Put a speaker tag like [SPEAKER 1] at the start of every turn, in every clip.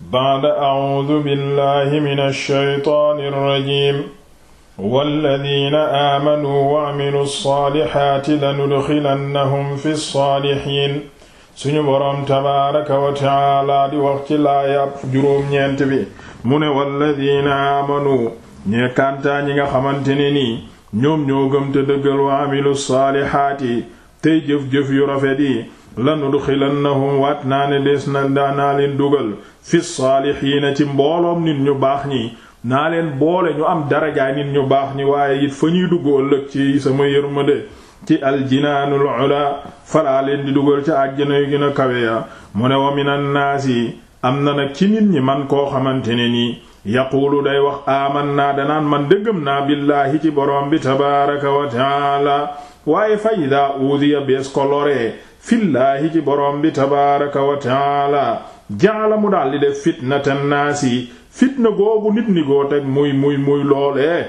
[SPEAKER 1] ba'da a'uudu billahi mina shaytaani rajiim walladiina aamanuu wa amilu saalihaati lanudxilannahum fi saalihiin suñu boroom tabaaraka wa taala di wax ci laaya juróom bi mu ne walladiina aamanuu ñee kantaa ñi nga xamante ne nii ñoom ñoo gëm te dëggal wa amilu saalihaati tey jëf-jëf yu rafet yi lanudxilannahum waat naa ne dees na daanaa leen dugal fi saalixiina ci mbooloom nit ñu baax ñi naa leen boole ñu am darajaay nit ñu baax ñi waaye it fa ñuy dugg ëllëg ci sama yërmande ci aljinaanul ula falaa leen di dugal ca àjjana yu gën a kawe ya mu ne wa minan naas yi am na nag ci nit ñi man koo xamante ne nii yaquulu day wax aaman naa danaan man dëggam naa billaahi ci boroom bi tabaaraka wa taala waaye fa ida uudiya bees ko loree fillaahi ci boroom bi tabaaraka wa taala jaala mu daldi def fitnata naasi fitna googu nit ni goo teg muy muy muy loolee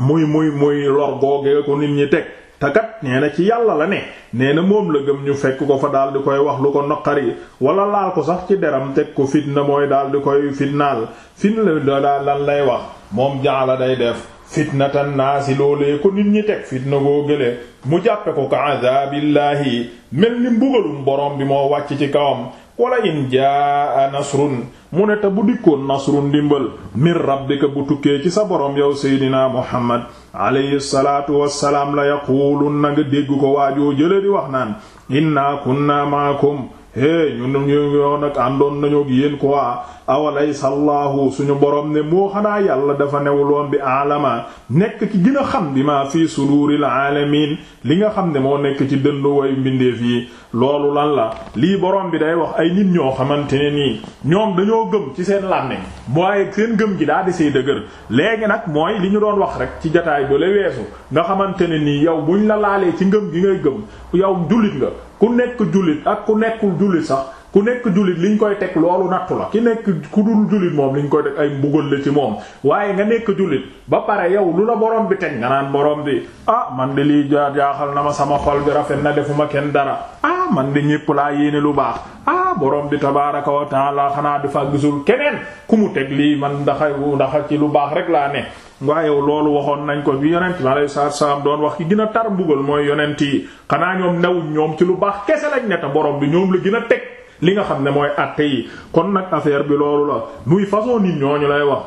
[SPEAKER 1] muy muy muy lor googee ko nit ñi teg takat nee na ci yàlla la ne nee na moom la gëm ñu fekk ko fa daal koy wax lu ko naqari wala laal ko sax ci deram teg ko fitna mooy daal di koy fitnaal fin la daal lan lay wax moom jaala day def fitnatan naasi loolee ko nit ñi teg fitna goo gële mu jàppe ko ka azabillaahi mel ni mbugalum borom bi moo wàcc ci kawam wala in jaa nasrun mu ne te bu dikkoon nasrun dimbal min rabbika bu tukkee ci sa borom yow seydina muhammad alayhi salaatu wassalaam la yaquulun na nga dégg ko waajoo jële di wax naan inna kunna maakum é ñun ñu nag àndoon nañu ak yéen quoi awalaysa allahu suñu borom ne moo xanaa yàlla dafa loon bi alama nekk ci gën xam bi ma fii suduril alamin li nga xam ne moo nekk ci dëndu way mbindeef yi loolu lan la lii borom bi day wax ay nit ñoo xamante ne nii ñoom dañoo gëm ci seen làmmiñ mooy seen gëm gi daa di say dëgër léegi nag mooy li ñu doon wax rek ci jataay ba le weesu nga xamante ne nii yow buñ la laalee ci ngëm gi ngay gëm yow jullit nga ku nekk julit ak ku nekkul jullit sax ku nekk li ñu koy teg loolu nattu la ki nekk ku dul jullit moom liñ koy teg ay mbugal la ci moom waaye nga nekk julit ba pare yow lu la borom bi teg nga naan borom bi ah man de lii jaaxal na ma sama xol bi rafet na defuma kenn dara ah man de ñépp laa yéene lu baax ah, borom bi tabaaraka wa taala xanaa dafa gisul keneen ku mu teg lii man ndax ndax ci lu baax rek laa ne. waaye loolu waxoon nañ ko bi yonent bi alayhi salaatu salaam doon wax ki dina tar mbugal mooy yonent yi xanaa ñoom newuñ ñoom ci lu baax kese lañ ne boroom bi ñoom la gën a teg li nga xam ne mooy àtte yi kon nag affaire bi loolu la muy façon nit ñooñu lay wax.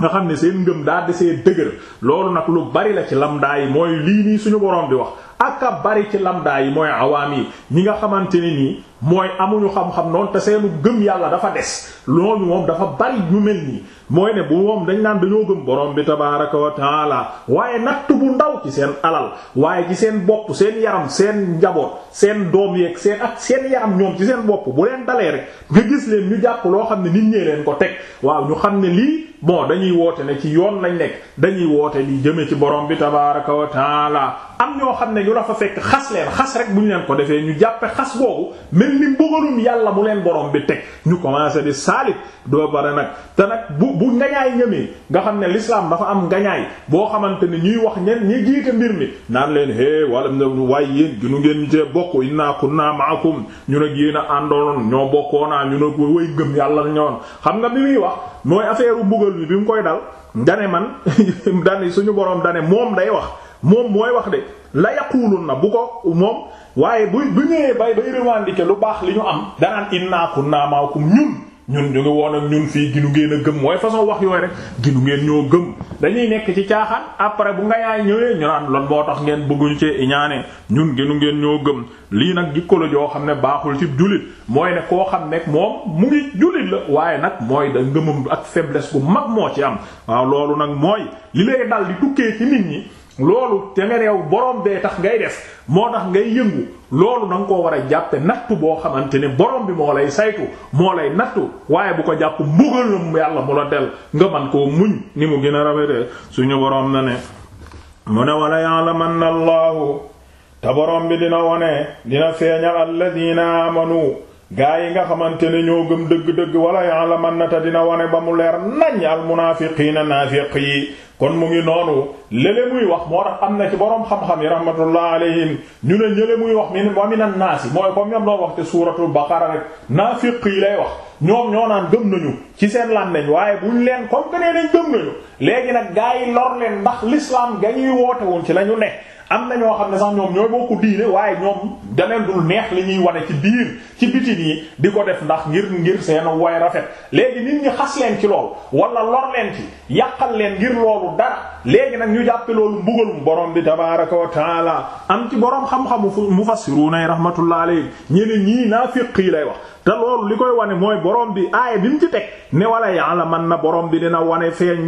[SPEAKER 1] nga xam ne seen ngëm daa desee dëgër loolu nag lu bari la ci lamdaa yi mooy lii nii suñu borom di wax ak yi mooy xamante ne mooy amuñu xam-xam noonu te seenu gëm yàlla dafa des loolu moom dafa bari ñu mel nii mooy ne bu moom dañ naan dañoo gëm borom bi tabaaraka wa taala waaye natt bu ndaw ci seen alal waaye ci seen bopp seen yaram seen njaboot seen doom yeeg seen ak seen yaram ñoom ci seen bopp bu leen dalee rek nga gis leen ñu jàpp loo xam ne nit ñee leen ko teg waaw ñu xam ne lii bon dañuy woote ne ci yoon lañ nekk dañuy woote lii jëme ci borom bi tabaaraka wa am ñoo xam ne yu la fa fekk xas leen xas rek bu ñu leen ko defee ñu jàppe xas boobu mel ni mbugalum yàlla mu leen boroom bi teg ñu commencé di saalit doo bare nag te nag bu bu ngañaay ñëmee nga xam ne l'islam dafa am ngañaay boo xamante ne ñuy wax ñen ñi jiite mbir mi naan leen é wala waaye yéen ginu ngeen ñu cee bokk inna kunna ma'akum ñu nag yéen a àndoon ñoo bokkoonaa ñu ko way gëm yàlla ñoon xam nga bi muy wax mooy affaire u mbugal bi bi mu koy dal dane man dane suñu boroom dane moom day wax moom mooy wax de la yaqulun na bu ko moom waaye bu bu ñëwee bay bay revendiquer lu baax li ñu am danaan inna kunna ma'akum ñun ñun ñu ngi woon ak ñun fii ginu ngeen a gëm mooy façon wax yooyu rek ginu ngeen ñoo gëm dañuy nekk ci caaxaan après bu nga yaay ñëwee ñu naan lool moo tax ngeen bëgguñu cee iñaane ñun ginu ngeen ñoo gëm lii nag jikko la joo xam ne baaxul ci jullit mooy ne koo xam ne moom mu ngi jullit la waaye nag mooy da ngëmam ak faiblesse bu mag moo ci am waaw loolu nag mooy li lay dal di tukkee loolu te temereew borom bee tax ngay def moo tax ngay yëngu loolu na nga koo war a jàppe nattu boo xamante ne borom bi moo lay saytu moo lay nattu waaye bu ko jàpp mbugal na yàlla mu la del nga man koo muñ ni mu gën a rafetee suñu borom na ne mu ne wala ya'lamanna allahu te borom bi dina wone dina feeñal alladina amanu gaa yi nga xamante ne ñoo gëm dëgg-dëgg wala na te dina wane ba mu leer nañ al munaafiqiina naafiq yi kon mu ngi noonu lële muy wax moo tax am na ci boroom xam-xam yi rahmatullah alayhim ñu ne ñële muy wax min wa minan naasi mooy comme ñoom loo wax ci suuratul baqara rek naafiq yi lay wax ñoom ñoo naan gëm nañu ci seen làmmiñ waaye buñ leen comme que nee nañ gëm nañu léegi nag gaa yi lor leen ndax l'islam ga ñuy woote woon ci la ñu ne am na ñoo xam ne sax ñoom ñooy bokk diine waaye ñoom da leen dul neex li ñuy wane ci biir ci biti nii di ko def ndax ngir ngir seen way rafet léegi nit ñi xas leen ci lool wala lor leen ci yàqal leen ngir loolu dara léegi nag ñu jàppe loolu mu borom bi tabaaraka wa taala am ci borom xam-xamu mufassiruna rahmatullah alayhi ñeneen ñii naafiq yi lay wax te loolu li koy wane mooy boroom bi aaya bi mu ci teg ne wala yàlla man na boroom bi dina wane feeñ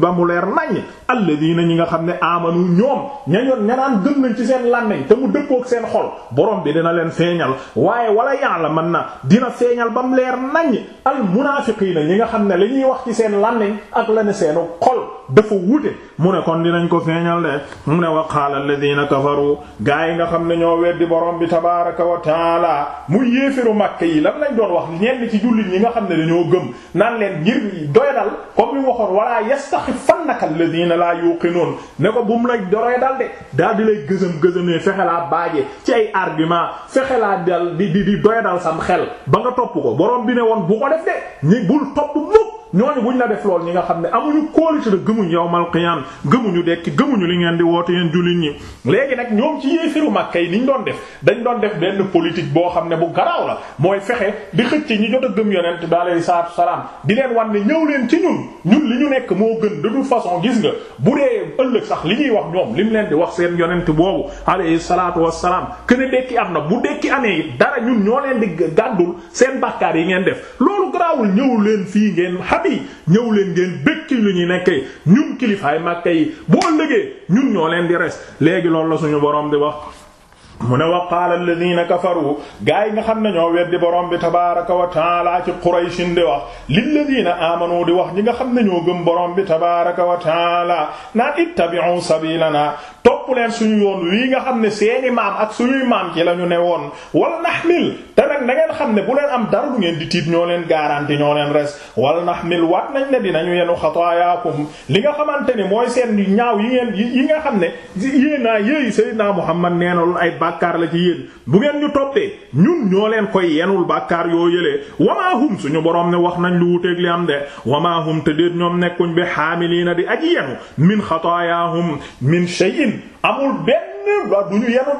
[SPEAKER 1] ba mu leer naññ alladina ñi nga xam ne amanu ñoom ñañoon ñanaan gëm nañ ci seen làmmeñ te mu dëppook seen xol boroom bi dina leen feeñal waaye wala yàlla man na dina feeñal ba mu leer naññ al munaafiqiina ñi nga xam ne lañuy ñuy wax ci seen làmmeñ ak la ne seenu xol dafa wute mu ne kon dinañ ko feeñal de mu ne wa qaala alladina kafaru gaa yi nga xam ne ñoo weddi borom bi tabaaraka wa taala mu yéefiru makka yi lan lañ doon wax ñenn ci jullit ñi nga xam ne ñoo gëm naan leen ngir doyadal comme li waxoon wala yastaxifannaka alladhina la yuqinun ne ko bu mu lay doyadal de daal di lay gësëm gësëmee fexe laa baaje ci ay argument fexe laa dal di di di doyadal sam xel ba nga topp ko boroom bi ne woon bu ko def de ñi bul topp mukk bu buñ la def lool ñi nga xam ne amuñu kóolute la gëmuñ yawmal qiyaam gëmuñu dekki gëmuñu li ngeen di woote yeen jullit ñi léegi nag ñoom ci yéefiru Makka yi ñu doon def dañ doon def benn politique boo xam ne bu garaaw la mooy fexe di xëcc ñi jot a gëm yonent bi alayhi salaatu salaam di leen wan ne ñëw leen ci ñun ñun li ñu nekk moo gën de toute façon gis nga bu dee ëllëg sax li ñuy wax ñoom li mu leen di wax seen yonent boobu alayhi salaatu wassalaam kene dekki am na bu dekki amee it dara ñun ñoo leen di gàddul seen bàkkaar yi ngeen def loolu garaawul ñëw leen fii ngeen yi ñëw leen ngeen békki lu ñu nekkee ñun kilifaay Makka yi bu lëgee ñun ñoo leen di res léegi loolu la suñu boroom di wax mu ne wa qaala alladina kafaru gaa yi nga xam nañoo ñoo weddi boroom bi tabaraka wa taala ci qurayshin di wax lilladina amanu di wax ñi nga xam ne ñoo gëm boroom bi tabaraka wa taala naan ittabi'u sabilana topp leen suñu yoon wii nga xam ne seeni maam ak suñuy maam ci la ñu ne woon wal nahmil nag da ngeen xam ne bu leen am dara du ngeen di tiit ñoo leen garanti ñoo leen res wal nahmil waat nañ ne dinañu yenu xataayaakum li nga xamante ne mooy seen ñaaw yi ngeen yi nga xam ne yéenaa yéeyi sayyidina Muhammad nee na loolu ay bàkkaar la ci yéen bu ngeen ñu toppee ñun ñoo leen koy yenul bàkkaar yoo yëlee wamaahum suñu borom ne wax nañ lu wuteeg li am de wamaahum te déet ñoom nekkuñ bi haamiliina di aji yenu min xataayaahum min shay'in amul benn du ñu yenu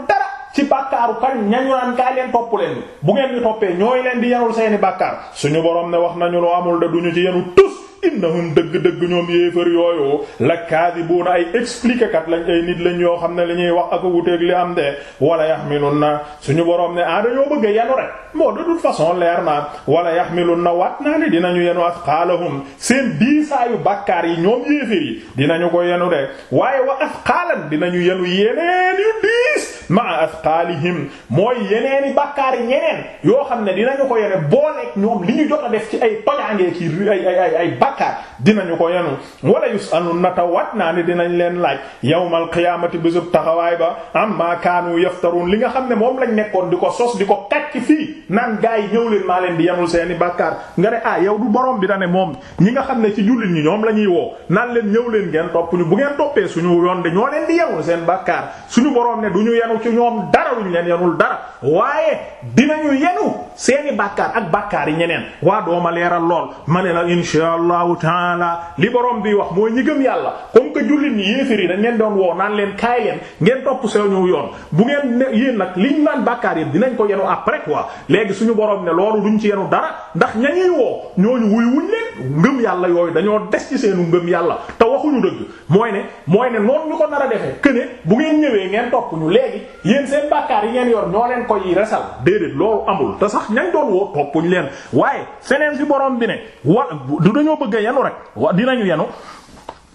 [SPEAKER 1] ci bàkkaaru kañ ñañu naan kaay leen topp leen bu ngeen ñu toppee ñooy leen di yanul seeni bàkkaar suñu borom ne wax nañu lu amul da duñu ci yenu tus innahum dëgg-dëgg ñoom yéefar yooyu la kaadibuuna ay expliqué kat lañ ay nit lañ yoo xam ne li ñuy wax ak wuteeg li am de wala yaxmilunna suñu borom ne ah dañoo bëgg yenu rek moo de toute façon leer na wala yaxmilunna wat naa ne dinañu yenu asqaalahum seen diisaayu bàkkaar yi ñoom yéefar yi dinañu ko yenu de waaye wa asqaalan maa asqaalihim mooy yeneeni bàkkaari ñeneen yoo xam ne dinañu ko yene booleeg ñoom li ñu jot a def ci ay tojaangee ci ay ay ay ay bàkkaar dinañu ko yenu wala yusaluna ta wat naa ne dinañ leen laaj yawmal qiyaamati bésub taxawaay ba amma kaanu yaftarun li nga xam ne moom lañ nekkoon di ko sos di ko kàcc fii naan gaa yi ñëw leen maa leen di yenul seeni bàkkaar nga ne ah yow du borom bi da ne moom ñi nga xam ne ci jullit ñi ñoom la ñuy woo naan leen ñëw leen ngeen topp ñu bu ngeen toppee suñu yoon de ñoo leen seen bàkkaar yenu ci ñoom dara luñ leen yenul dara waaye dinañu yenu seeni bàkkaar ak bàkkaar yi ñeneen waa dooma leeral lool ma ne la insha allahu taala li borom bi wax mooy ñi gëm yàlla comme que jullit ñi yéefér yi dañ leen doon woo naan leen kaay leen topp seen ñëw yoon bu ngeen yéen nag liñ naan bàkkaar yi dinañ ko yenu après quoi léegi suñu borom ne loolu duñ ci yenu dara ndax ñañuy woo ñooñu wuy wuñ leen ngëm yàlla yooyu dañoo des ci seenu ngëm yàlla te waxuñu dëgg mooy ne mooy ne noonu ñu ko nar a defee bu ngeen ñëwee ngeen topp léegi yéen seen bàkkaar yi ngeen yor ñoo leen koy resal déedéet loolu amul te sax ñañ doon woo toppuñ leen waaye feneen fi borom bi ne wa du dañoo bëgg a yenu rek wa dinañu yenu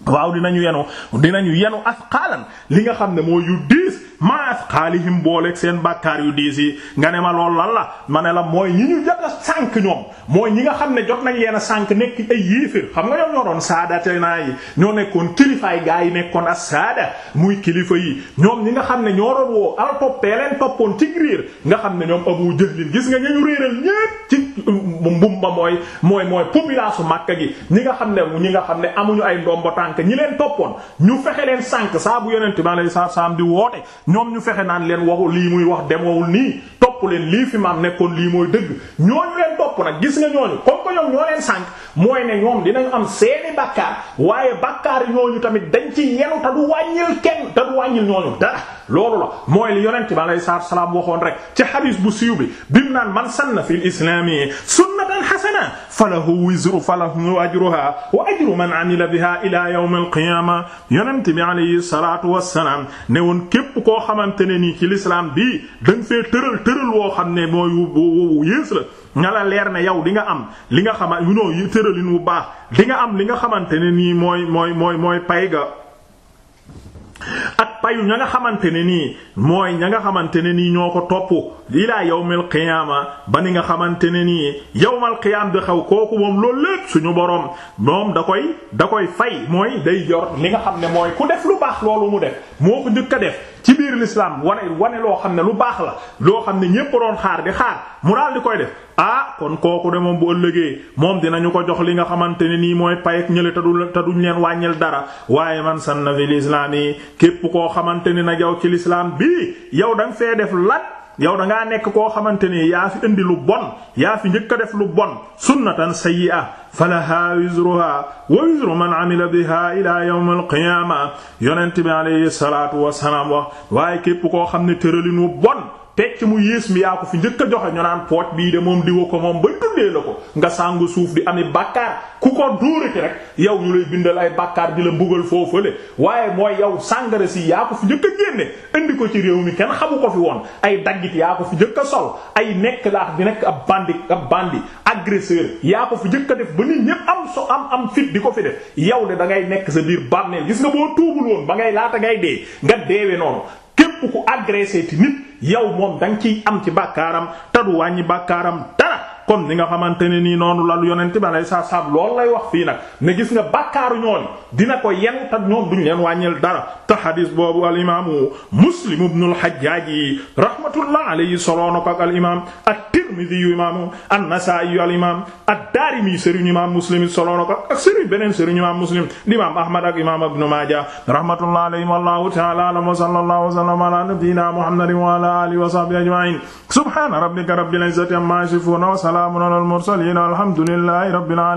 [SPEAKER 1] waaw dinañu yenu dinañu yenu asqalan li nga xam ne mooy yu diis maas xaalihim booleeg seen bàkkaar yu diis yi nga ne ma lool lan la ma ne la mooy ñi ñu jot a sànk ñoom mooy ñi nga xam ne jot nañ leen a sànk nekk ay yéefér xam nga ñoom ñoo doon saadate naa yi ñoo nekkoon kilifaay gaa yi nekkoon as saada muy kilifa yi ñoom ñi nga xam ne ñoo doon woo al toppee leen toppoon ci riir nga xam ne ñoom Abu Jahl gis nga ñu réeral ñépp ci ma mooy mooy mooy population Makka gi ñi nga xam ne ñi nga xam ne amuñu ay ndombo tànk ñi leen toppoon ñu fexe leen sànk saa bu yonent bi alayhi salaam di woote ñoom ñu fexe naan leen waxu lii muy wax demowul nii topp leen lii fi maam nekkoon lii mooy dëgg ñooñu leen topp nag gis nga ñooñu comme ko ñoom ñoo leen sànk mooy ne ñoom dinañ am seeni bàkkaar waaye bàkkaar ñooñu tamit dañ ci yenu te du wàññil kenn te du wàññil ñooñu dara loolu la mooy li yonent bi alayhi salaatu wasalaam waxoon rek ci xadiis bu siiw bi bim naan man sanna fil islaami sunnatan hasana falahu wizru falahu ajruha wa ajru man amila biha ila yow al-qiyaama yonent bi alayhi salaatu wasalaam ne woon képp koo xamante ne nii ci l'islam bi dañ fee woo xam ne mooy wu yées leer ne yow di nga am li nga xama yu noo tëralin wu baax di nga am li nga xamante ne nii mooy mooy mooy mooy payu ña nga xamante ne nii mooy ña nga xamante ne nii ñoo ko topp ilaa yawmil qiyaama ba ni nga xamante ne nii yawmal qiyaam di xaw kooku moom loolu lépp suñu boroom moom da koy da koy fay mooy day jor li nga xam ne mooy ku def mu def moo ko a def ci biir l'islam wane wane loo xam ne lu baax la loo xam ne ñépp doon xaar di xaar mu daal di koy def ah kon kooku de moom bu ëllëgee moom dinañu ko jox li nga xamante ne nii mooy pay ak ñële te te duñ leen wàññil dara waaye man sanna fil islam yi képp koo xamante ni nag yow ci l'islam bi yow danga fee def lat yow da ngaa nekk koo xamante ni yaa fi indi lu bon yaa fi njëkk a def lu bon sunnatan sayyi'a falaha wizruha wa wizru man amila biha ila yawm al-qiyama yonent bi alayhi salatu wasalaam wax waaye képp koo xam ne tëralinu bon pecc mu yées mi yaa ko fi njëkk joxe ñu naan pooc bii de moom diwa ko moom ba dundee la ko nga sàngu suuf di ami bàkkaar ku ko dóorati rek yow ñu lay bindal ay bàkkaar di la buggal mbugal foofale waaye mooy yow sàngara si yaa ko fi njëkk a génne indi ko ci réew mi kenn xamu ko fi woon ay daggit yaa ko fi njëkk a sol ay nekk laax di nekk ab bandi ab bandi agresseur yaa ko fi njëkk a def ba nit ñépp am so am am fit di ko fi def yow de da ngay nekk sa biir bànneel gis nga boo tuubul woon ba ngay laata ngay dee nga deewe noonu képp ku agressé ti nit yow moom da nga ciy am ci bàkkaaram te du wàññi bàkkaaram dara kon ni nga xamante ne nii noonu lal yonent bi alayhi salaam loolu lay wax fii nag ne gis nga bàkkaaru ñoom dina ko yen te ñoom duñ leen wàññil dara te xadis boobu al imaamu muslim ibnul xajjaaj rahmatullah alayhi soloona ko ak al imaam Tirmidhi yu imaam an-Nasaa'i al imaam ad-Daarimi sëriñ imaam Muslim solo na ko ak sëriñ beneen sëriñ imaam Muslim di imaam Ahmad ak imaam Ibn Maaja rahmatullahi alayhim wallahu ta'ala a'lam wa sallallahu wa sallama ala nabiyyina Muhammadin wa ala alihi wa sahbihi ajma'in subhana rabbika rabbil izzati amma yasifun wa salamun alal mursalin walhamdulillahi rabbil alamin